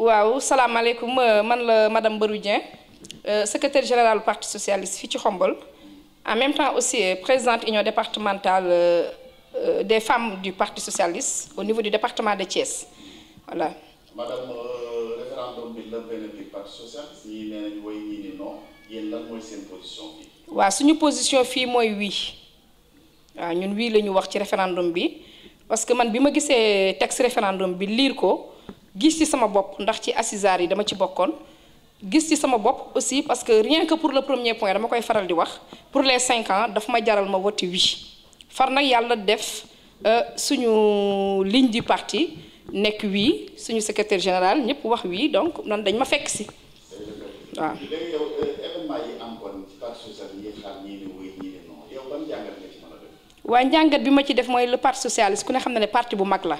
waaw salaamaaleykum euh, man la madame Barou Dieng euh, secrétaire générale parti socialiste fii ci Xombol en même temps aussi euh, présidente union départementale des femmes du parti socialiste au niveau du département de Thiès voilà. waaw suñu position fii mooy wii waaw ñun wii la ñu wax ci référendum bi parce que man bi ma gisee texte référendum bi liir ko. gis ci sama bopp ndax ci assises yi dama ci bokkoon gis ci sama bopp aussi parce que rien que pour le premier point dama koy faral di wax pour les cinq ans dafa ma jaral ma voté oui far nag yàlla def euh, suñu ligne du parti nekk oui suñu secrétaire général ñëpp wax wii donc nan dañ ma fekk si waa euh, njàngat bi ma ci def mooy le parti socialiste ku ne xam na ne parti bu mag la.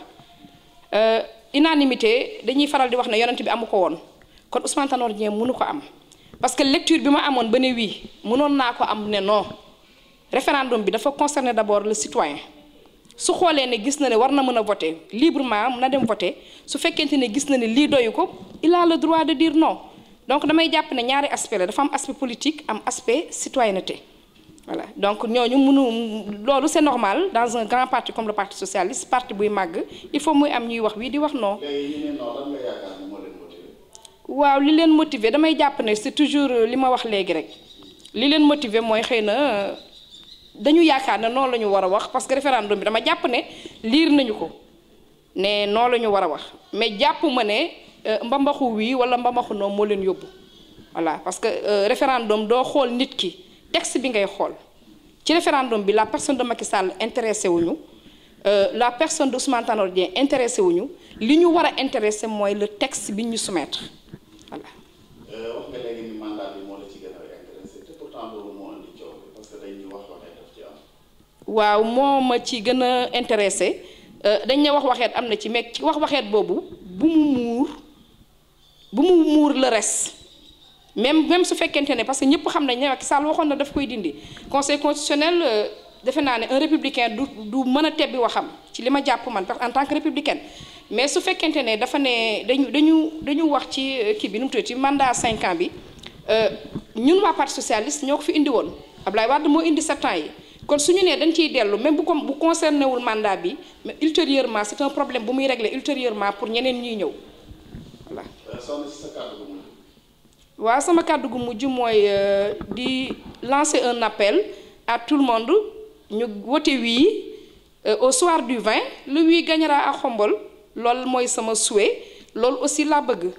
Euh, unanimité dañuy faral di wax ne yonent bi amu ko woon kon Ousmane Tanor Dieng mënu ko am parce que lecture bi ma amoon ba ne wii mënoon naa ko am ne non référendum bi dafa concerner d'abord le citoyen su xoolee ne gis na ne war na mën a voter librement na dem voter su fekkente ne gis na ne lii doyu ko il a le droit de dire non donc damay jàpp ne ñaari aspect la dafa am aspect politique am aspect citoyenneté voilà donc ñooñu mënu loolu c'est normal dans un parti comme le parti socialiste parti buy màgg il faut muy am ñuy wax wii di wax non waaw li leen motiver damay jàpp ne c'est toujours euh, li ma wax léegi rek li leen motiver mooy xëy na euh, dañu yaakaar ne noonu la ñu war a wax parce que référendum bi dama jàpp ne liir nañu ko ne noonu la ñu war a wax mais jàpp ma ne euh, mbambaxu wii wala mbambaxu noonu moo leen yóbbu voilà parce que référendum doo xool nit ki texte bi ngay xool ci référendum bi la personne de Macky Sall intéressé wuñu euh, la personne de Ousmane Tanor Dieng intéressé wuñu li ñu war a intéressé mooy le texte bi ñu soumettre voilà. Euh, wax a ci waaw moo ma ci gën a intéressé euh, dañ ne wax waxeet am na ci mais ci wax waxeet boobu bu mu muur bu mu muur le reste. même même su fekkente ne parce que ñëpp xam nañ ne Macky Sall waxoon na daf koy dindi conseil constitutionnel euh, defe naa ne un républicain du du mën a tebbi waxam ci li ma jàpp man parce en tant que républicaine mais su fekkente ne dafa ne dañu dañu dañu wax ci euh, kii bi nu mu tuddati mandat cinq ans bi euh, ñun waa parti socialiste ñoo ko fi indi woon Ablaye Wade moo indi sept ans yi kon su ñu nee dañ ciy dellu même bu comme bu concerné wul mandat bi mais ultérieurement problème bu muy régler ultérieurement pour ñeneen ñuy ñëw waa sama kàddu gu mujj mooy euh, di lancer un appel à tout le monde ñu wote wii euh, au soir du 20 le wii gagnera à Khombole lool mooy sama souhait loolu aussi laa bëgg